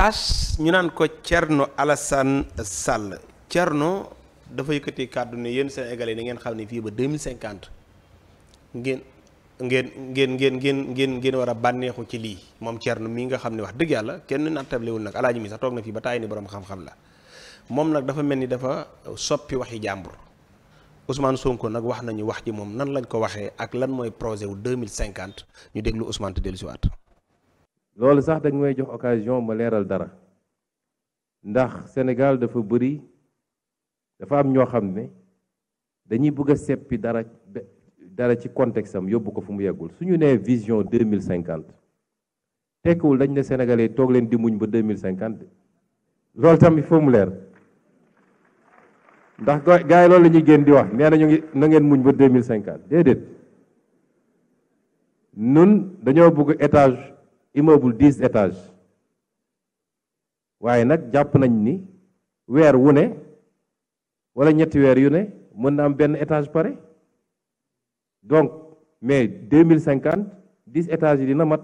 oustaz ñu naan ko Thierno Alassane Sall Thierno dafa yëkkati kàddu ne yéen Sénégalais da ngeen xam ne fii ba deux mille cinquante ngeen ngeen ngeen ngeen ngeen ngeen ngeen war a bànneexu ci lii moom Thierno mii nga xam ne wax dëgg yàlla kenn nattablewul nag alaaji mi sax toog na fii ba taay ni borom xam-xam la moom nag dafa mel ni dafa soppi waxi jàmbur Ousmane Sonko nag wax nañu wax ji moom nan lañ ko waxee ak lan mooy projet wu deux mille cinquante ñu déglu Ousmane te dellusiwaat loolu sax da nga may jox occasion ma leeral dara ndax Sénégal dafa bëri dafa am ñoo xam ne dañuy bëgg a seppi dara dara ci contexte yóbbu ko fu mu yeggul su ñu nee vision deux mille cinquante tekkiwul dañ ne sénégalais toog leen di muñ ba deux mille cinquante loolu tam il mu leer ndax gars yi loolu la ñuy génn di wax nee na ñu ngi na ngeen muñ ba deux mille cinquante déedéet nun dañoo bëgg étage immeuble dix étages waaye nag jàpp nañ ni weer wu ne wala ñetti weer yu ne mën na am benn étage pare donc mais deux mille cinquante dix étages yi dina mat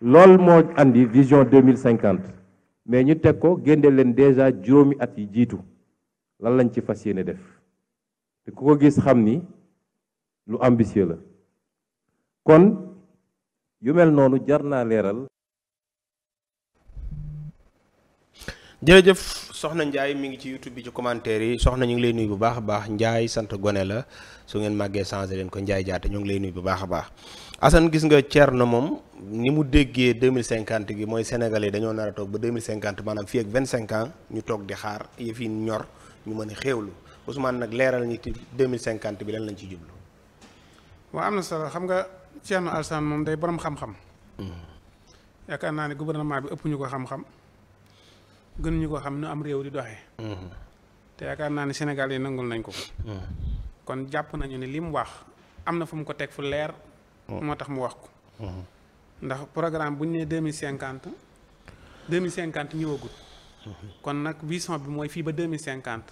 lool moo andi vision deux mille cinquante mais ñu teg ko génne leen déjà juróomi at yi jiitu lan lañ ci fas yéene def te ku ko gis xam ni lu ambitieux la kon yu mel noonu jar naa leeral. jërëjëf soxna Ndiaye mi ngi ci YouTube bi ci commentaire yi soxna ñu ngi lay nuyu bu baax a baax Ndiaye sant gone la su ngeen màggee changé leen ko Ndiaye jaate ñu ngi lay nuyu bu baax a baax asan gis nga na moom ni mu déggee 2050 gi mooy sénégalais dañoo nar a toog ba 2050 maanaam fii ak 25 ans ñu toog di xaar yëf yi ñor ñu mën a xéewlu Ousmane nag leeral ñi ci 2050 bi lan lañ ci jublu. waaw am na solo xam nga. Thierno Alassane moom day borom xam-xam. Hmm. yaakaar naa ne gouvernement bi ëpp ñu ko xam-xam gën ko xam nu am réew di doxee. Hmm. te yaakaar naa ne Sénégal yi nangul nañ ko. Hmm. kon jàpp nañu ne li mu wax am na fu mu ko teg fu leer. moo tax mu wax ko. ndax programme bu ñu nee deux mille cinquante deux mille cinquante ñëwagul. kon nag vision bi mooy fii ba deux mille cinquante.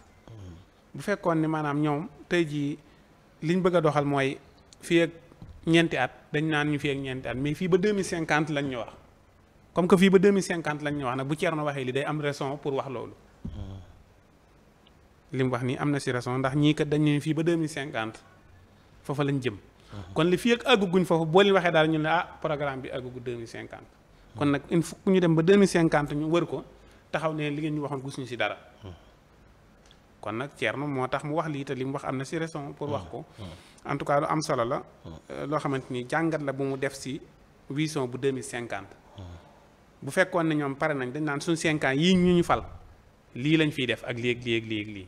bu fekkoon ni maanaam ñoom tey jii liñ bëgg a doxal mooy fii ak ñeenti at dañ naan ñu fi ak ñeenti at mais fii ba 2050 lañ ñu wax comme que fii ba 2050 lañ lañu wax nag bu Thierno waxee li day am raison pour wax loolu hmm. li mu wax nii am na si raison ndax ñii kat dañ ne fii ba 2050 foofa lañ jëm hmm. kon li fi ak àgguguñ foofu boo leen waxee daal ñu ne ah programme bi àggugu 2050 hmm. kon nag il faut ñu dem ba 2050 ñu wër ko taxaw ne li ngeen ñu waxoon gisuñu si dara kon nag Thierno moo tax mu wax lii li mu wax am na si raison pour wax ko en tout cas lu am solo la. Ah. Euh, loo xamante ni jàngat la bu mu def si vision bu deux mille cinquante. Ah. bu fekkoon ne ñoom pare nañ dañ naan suñu cinquante ans yii ñu ñu fal lii lañ fiy def ak lii ak lii ak lii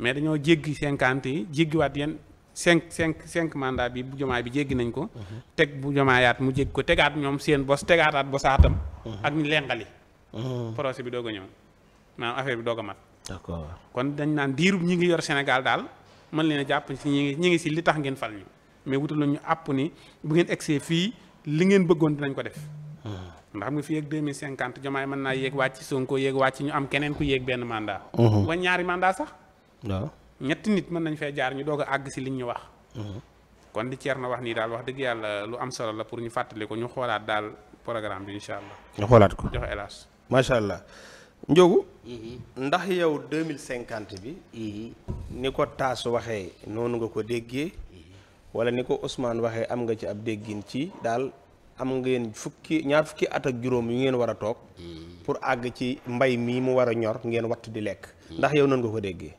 mais dañoo jéggi cinquante yi jéggiwaat yéen cinq cinq cinq mandat bi bu jomaay bi jéggi nañ ko. Ah. teg bu jomaayaat mu jéggi ko tegaat ñoom seen bos tegaataat bosaatam. ak ñu lengali. procès bi doog ñëw maanaam affaire bi doog a mat. d'accord kon dañ naan diirub ñi ngi yor Sénégal daal. mën leen a jàpp si ñi ngi ñi ngi si li tax ngeen fal ñu mais wutalu ñu àpp ni bu ngeen egsee fii li ngeen bëggoon dinañ ko def hmm. ndax xam nga fii ak cinquante jomaay mën naa yéeg wàcc Sonko yéeg wàcc ñu am keneen ku yéeg benn mandat hmm. wa ñaari mandat sax waaw ñetti nit mën nañ fee jaar ñu doog a àgg si liñ ñu wax hmm. kon di ceer na wax nii daal wax dëgg yàlla lu am solo la pour ñu fàttali ko ñu xoolaat daal programme bi incha allah ñu xoolaat ko joxe hélas macha allah Mhm. ndax yow deux mille cinquante bi. Mhm. ni ko taas waxee noonu nga ko déggee. Mhm. wala ni ko Ousmane waxee am nga ci ab déggin ci daal am ngeen fukki ñaar fukki at ak juróom yu ngeen war a toog. pour àgg ci mbay mii mu war a ñor ngeen wattu di lekk. ndax yow noonu nga ko déggee.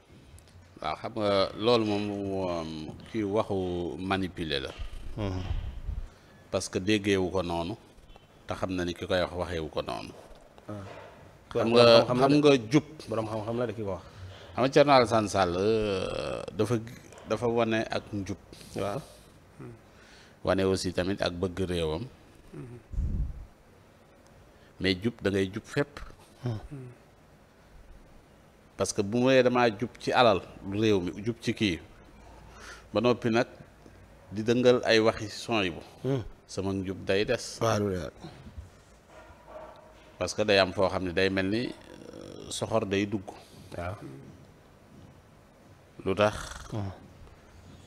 waaw xam nga loolu moom kii waxu manipuler la. parce que déggeewu ko noonu. te xam na ni ki koy wax waxewu ko noonu. Ah. xam nga xam nga jub boroom xam-xam la de ki ko wax. xam nga Thierno Alassane Sall euh, dafa dafa wane ak njub. waaw wane aussi tamit ak bëgg réewam. mais jub dangay ngay jub fépp. parce que bu ma damaa jub ci alal réew mi jub ci kii ba noppi nag di dëngal ay waxi son yi bu hmm. sama njub day des. parce que day am foo xam ne day mel ni euh, soxor day dugg. waaw lu tax. pour hmm.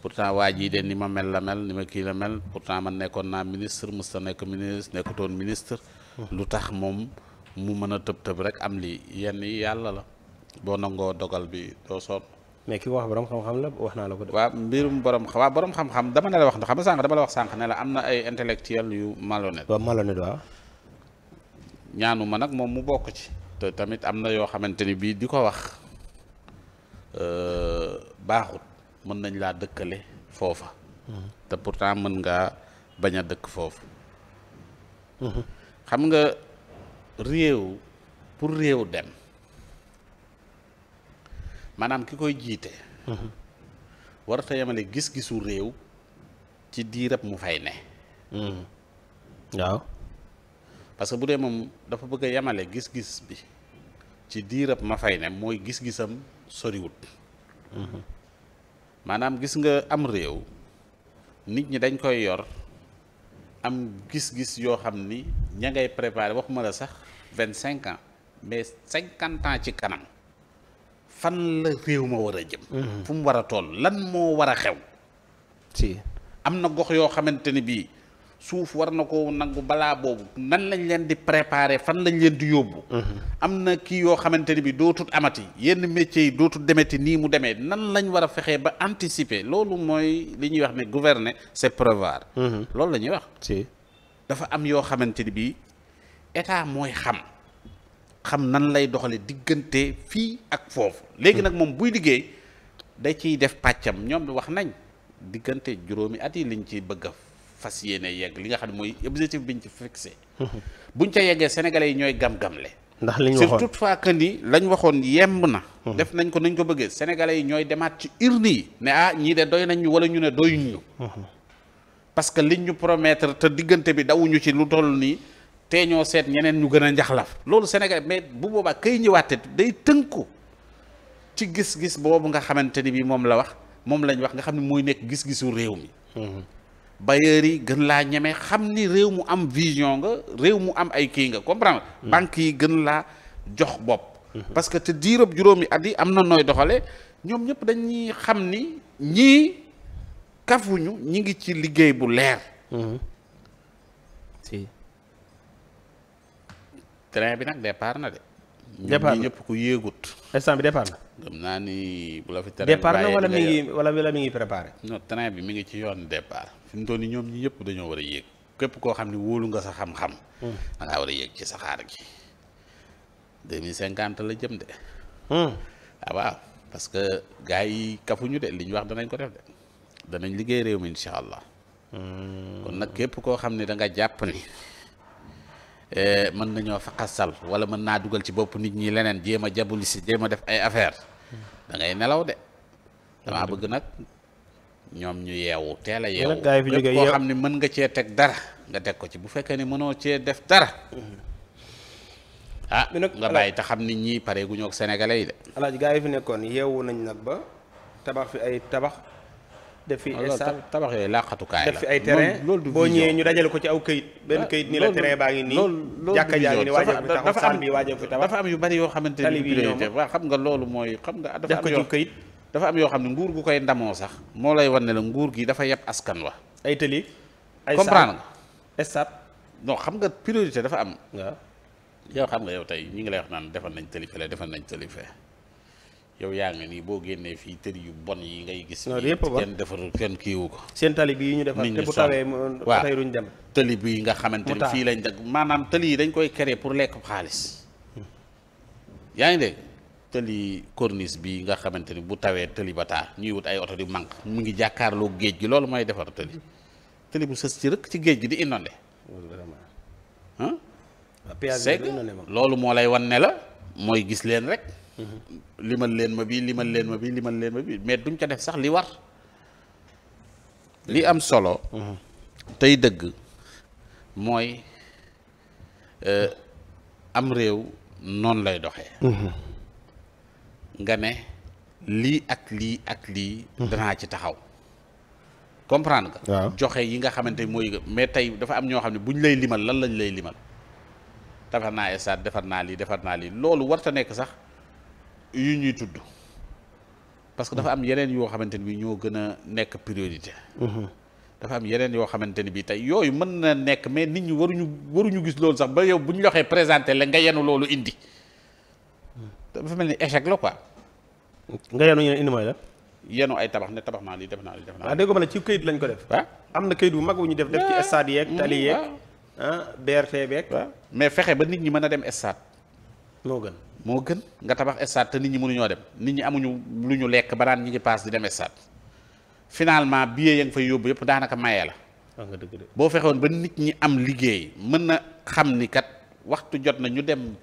pourtant waa jii de ni ma mel la mel ni ma kii la mel pourtant man nekkoon naa ministre musta nekk ministre nekkutoon ministre. Hmm. lu tax moom mu mën a tëb tëb rek am lii yenn yi yàlla la boo nangoo dogal bi doo soon mais ki wax borom xam-xam la wax naa la ko. waaw mbirum borom waaw borom xam-xam dama ne la wax xam nga sànq dama wax sànq am na ay intellectuel yu malhonnête. waaw malhonnête waaw. ñaanu ma nag moom mu bokk ci te tamit am na yoo xamante ni bii di ko wax euh, baaxut mën nañ laa dëkkale foofa mhm. te pourtant mën nga bañ a dëkk foofu mhm. xam nga réew pour réew dem maanaam ki koy jiite mhm. warata yemale gis-gisu réew ci diirab mu fay ne waaw parce que bu dee moom dafa bëgg a yemale gis-gis bi ci diir ab ma fay ne mooy gis-gisam soriwut maanaam gis nga am réew nit ñi dañ koy yor am gis-gis yoo xam ni ña ngay préparé waxuma la sax vingt cinq ans mais cinquante ans ci kanam fan la réew ma war a jëm mm-hmm. fu mu war a toll lan moo war a xew si am na gox yoo xamante ni bii suuf war na ko nangu balaa boobu nan lañ leen di préparer fan lañ leen di yóbbu mhm. am na kii yoo xamante ni bi dootut amati yenn métiers yi dootut demeti nii mu demee nan lañ war a fexee ba anticiper loolu mooy li ñuy wax ne gouverner c'est prévoir mhm. loolu la ñuy wax dafa am yoo xamante ni bi état mooy xam xam nan lay doxale diggante fii ak foofu léegi mhm. nag moom buy liggéey day ciy def pàccam ñoom wax nañ diggante juróomi at yi liñ ci bëgg fas yéene yegg li nga xam ne mooy objectif bi ñu ci fixé. buñ ca yeggee sénégalais yi ñooy gam-gamle. ndax li ñu waxoon surtout fois que lañ waxoon yemb na. def nañ ko nañ ko bëggee sénégalais yi ñooy demaat ci urne yi. ne ah ñii de doy nañ ñu wala ñu ne doyuñ ñu. parce que liñ ñu promettre te diggante bi dawuñu ci lu toll nii. tee ñoo seet ñeneen ñu gën a njaxlaf loolu Sénégal mais bu boobaa kay ñëwaate day tënku ci gis-gis boobu nga xamante ni bii moom la wax moom lañ wax nga xam ne mooy gis-gisu réew mi bailleurs yi gën laa ñeme xam ni réew mu am vision nga réew mu am ay kii nga comprendre hmm. banques yi gën laa jox bopp hmm. parce que te diirab juróomi at yi am na nooy doxale ñoom ñëpp dañuy xam ni ñii kafuñu ñi ngi ci liggéey bu leer hmm. si train bi nag départ na de départ ñëpp ku yéegut. instant bi départ na. gëm naa ni bu la fi. train départ na wala mi mi ngi préparé. non train bi mu ngi ci yoon départ. fi mu toll ñoom ñi yëpp dañoo war a yéeg képp koo xam ne wóolu nga sa xam-xam hmm. da ngaa war a yéeg ci saxaar gi deux mille cinquante la jëm de hmm. ah waaw parce que gars yi kafuñu de li ñu wax danañ ko def de danañ liggéey réew mi incha allah hmm. kon nag képp koo xam ne da nga jàpp ni eh, mën nañoo faqasal wala mën naa dugal ci bopp nit ñi leneen jéem a jabuli si jéem a def ay affaire da nelaw de damaa bëgg nag ñoom ñu yeewu teel a yeewu koo xam ne mën nga cee teg dara nga teg ko ci bu fekkee ne mënoo cee def dara ah nga bàyyi te xam ni ñii pare gu ñoo ak yi de alaaj gaa yi fi nekkoon yeewu nañ nag ba tabax fi ay tabax def fi ay saal tabax yooyu làqatukaay la def fi boo ñëwee ñu dajale ko ci aw këyit benn ah, këyit nii la terrain baa ngi nii jàkka jaa ngi nii waajal fi taxaw saal bi dafa am yu bari yoo xamante ni priorité waa xam nga loolu mooy xam nga dafa am yoo këyit dafa am yoo xam ne nguur gu koy ndamoo sax moo lay wan ne la nguur gi dafa yeb askan wa. ay tëli ay comprendre nga. stade xam nga priorité dafa am. waaw xam nga yow tey ñi ngi lay wax naan defal nañ tëli fële defal nañ tëli fee yow yaa ngi nii boo génnee fii tëri yu bon yi ngay gis. loolu yëpp bon kenn defarul kenn kiiwu ko. seen tali bi yi ñu defar te bu tawee waaw duñ dem. tëli bi nga xamante ni fii lañ dëgg maanaam tëli yi dañ koy créer pour lekk xaalis hmm. yaa ngi dégg tëli corniche bi nga xamante ni bu tawee tëli bataa taa ñuy wut ay oto di manque mu ngi jàkkaarloo géej gi loolu mooy defar tëli tëli bu sës ci rëkk ci géej gi di inondé loolu moo lay wan ne la mooy gis leen rek mhm. limal leen ma bi limal leen ma bi limal leen mais duñ ca def sax li war li am solo mhm. tey dëgg mooy euh, am réew noonu lay doxee mhm. nga ne lii ak lii ak lii. Mhm. danaa ci taxaw. comprendre nga. joxe yi nga xamante mooy mais tey dafa am ñoo xam ne buñ lay limal lan lañ lay limal. defar naa stade defar naa lii defar naa lii loolu warta nekk sax yu ñuy tudd. parce que dafa mhm. am yeneen yoo xamante ni bi ñoo gën a nekk priorité. Mhm. dafa am yeneen yoo xamante ni bi tey yooyu mën na nekk mais nit ñi waruñu waruñu gis loolu sax ba yow bu ñu joxee présenté la nga yenu loolu indi. dafa mel ni échec la quoi. nga yenu ñu indi mooy la. yenu ay tabax ne tabax naa lii def naa lii def naa. waaw dégg nga ma ne ci lañ ko def. waaw am na këyit bu mag wu ñu def. def ci stade yeeg tali yeeg. ah BRT mais fexe ba nit ñi mën a dem stade. moo gën moo gën nga tabax stade te nit ñi mënuñoo dem nit ñi amuñu lu ñu lekk ba daan ñi ngi paas di dem stade. finalement billet ya nga fay yóbbu yëpp daanaka maye la. Ah, dëgg boo fexoon ba nit ñi am liggéey mën na xam ni kat waxtu jot na ñu dem.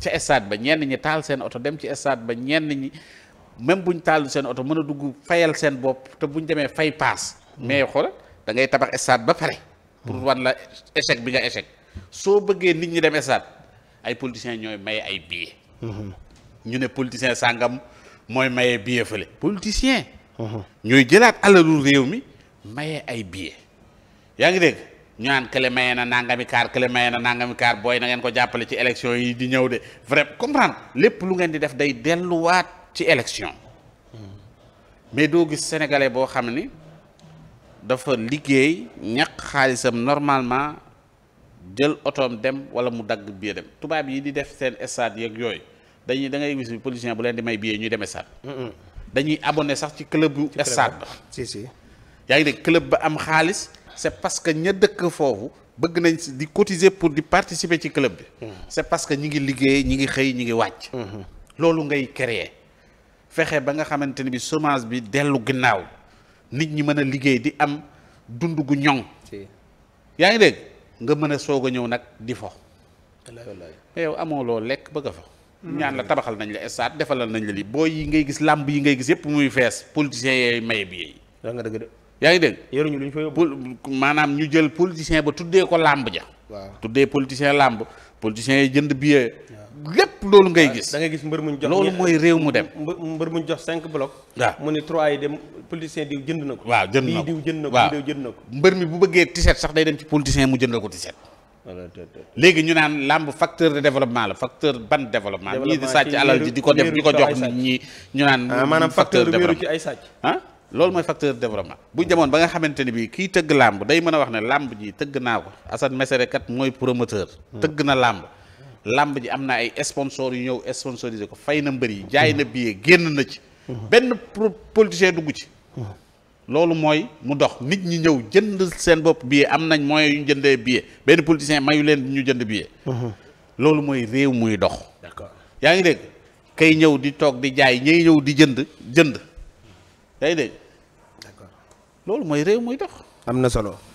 ca stade ba ñenn ñi taal seen oto dem ci stade ba ñenn ñi même buñ taalu seen oto mën a dugg fayal seen bopp te buñ demee fay paas. Hmm. mais xoolal da ngay tabax stade ba pare. pour hmm. wan la échec bi nga échec soo bëggee nit ñi dem stade ay politiciens ñooy may ay billets. Hmm. ñu ne politicien sàngam mooy maye billet fële. politicien. ñooy jëlaat alalu réew mi maye ay billet yaa ngi dégg. ñu naan kële maye na nangami kaar kële maye na nangami kaar booy na ngeen ko jàppale ci élection yi di ñëw de vrai comprendre lépp lu ngeen di def day delluwaat ci élection mais doo gis sénégalais boo xam ni dafa liggéey ñaq xaalisam normalement jël otoom dem wala mu dagg billet dem tubaab yi di def seen stade yeeg yooyu dañuy dangay ngay gis bi politicien bu leen di may billet ñuy dem stade dañuy abonné sax ci club bu stade ba si si club ba am xaalis c'est parce que ña dëkk foofu bëgg nañ di cotiser pour di participer ci club bi. Mm-hmm. c'est parce que ñi ngi liggéey ñi ngi xëy ñi ngi wàcc. Mm-hmm. loolu ngay créer fexe ba nga xamante ni bi chômage bi dellu ginnaaw nit ñi mën a liggéey di am dund gu ñoŋ. yaa ngi dégg nga mën a soog a ñëw nag di fo. mais yow amoo loo lekk bëgg a fo. Mm-hmm. ñaan la tabaxal nañ la stade defalal nañ la lii booy yi ngay gis làmb yi ngay gis yëpp muy fees politiciens yooyu maye bi yi. yaa ngi dégg. yoruñu lu ñu fa yóbbu maanaam ñu jël politicien ba tuddee ko làmb ja. waaw tuddee politicien làmb politicien yi jënd billet. lépp loolu ngay gis. da ngay gis mbër muñ jox loolu mooy réew mu dem. mbër muñ jox cinq bloc. waaw mu ne trois yi dem politicien diw jënd na ko. waa jënd na ko diw jënd na na ko. mbër mi bu bëggee tiset sax day dem ci politicien mu jëndal ko tiset. léegi ñu naan làmb facteur de développement la facteur ban développement. ñii di sàcc alal ji di ko def di ko jox ñii ñu naan. Ah, facteur de développement ci ay sàcc. loolu mooy facteur de développement bu jamoon ba nga xamante ni bii kii tëgg làmb day mën a wax ne làmb ji tëgg naa ko Assane Mesere kat mooy promoteur. Hmm. tëgg na làmb. làmb ji am na ay sponsor yu ñëw sponsorisé ko fay na mbër yi jaay na hmm. billet génn na ci. Hmm. benn politicien dugg ci. loolu mooy mu dox nit ñi ñëw jënd seen bopp billet am nañ moyen yu ñu jëndee benn politicien mayu leen ñu jënd billet. loolu mooy réew muy dox. d'accord yaa ngi dégg kay ñëw di toog di jaay ñay ñëw di jënd jënd. loolu mooy réew muy dox. am na solo.